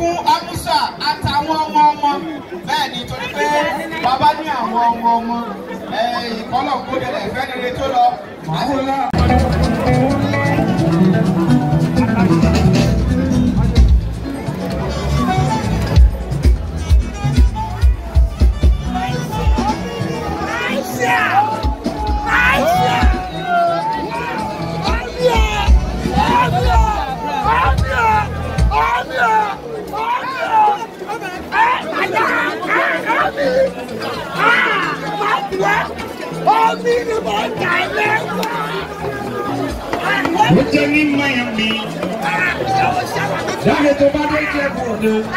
Àbíkún Amusa, àtàwọn ọmọ ọmọ bẹ́ẹ̀ ni torí pé bàbá ní àwọn ọmọ ọmọ ìkọlọ̀ kó dẹ̀lẹ̀ fẹ́ rere tó lọ. mi. jẹ́ ní Miami. Láyé tó bá dé jẹ́ bòde. Ọ̀sẹ̀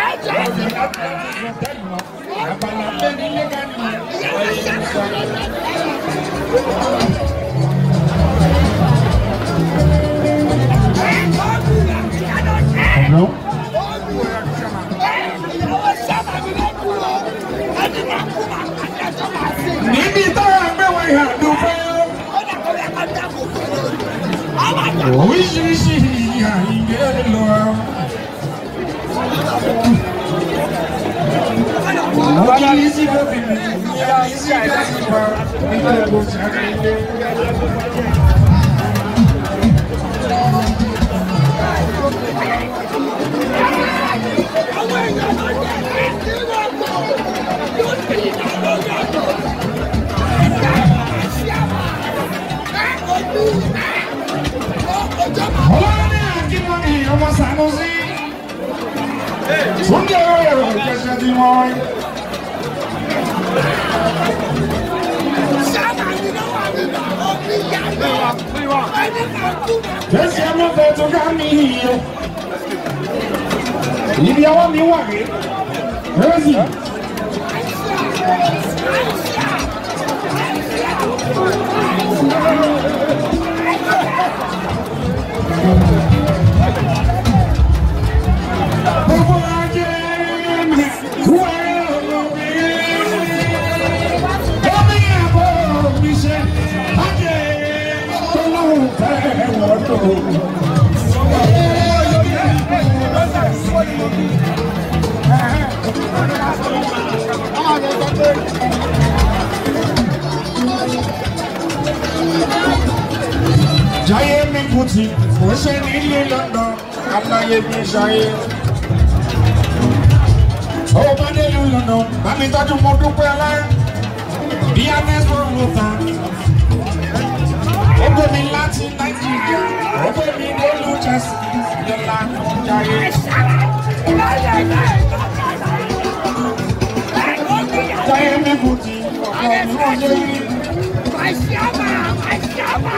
pé nílé ká ní ọ̀rẹ́ No. easy go be me. Yeah, easy I Jẹ́sí ẹ má fẹ́ tó ká mi yìí o. Ibi ọwọ́ mi wà rí. Rosie. àjáyé mi kùtì kò ṣe nílé lọ́dọ̀ abúláyé mi ṣayé. ó bá délé lọ́dọ̀ bàmí tọ́jú mo dúpẹ́ aláì bí anẹ́sọ̀ ló ta. ó gbé mi láti Nigeria, ó gbé mi délú jẹ́sí lọ́la tó jáyé. Jáyé mi kùtì ọ̀pọ̀ ìfọ̀jẹ́ yìí.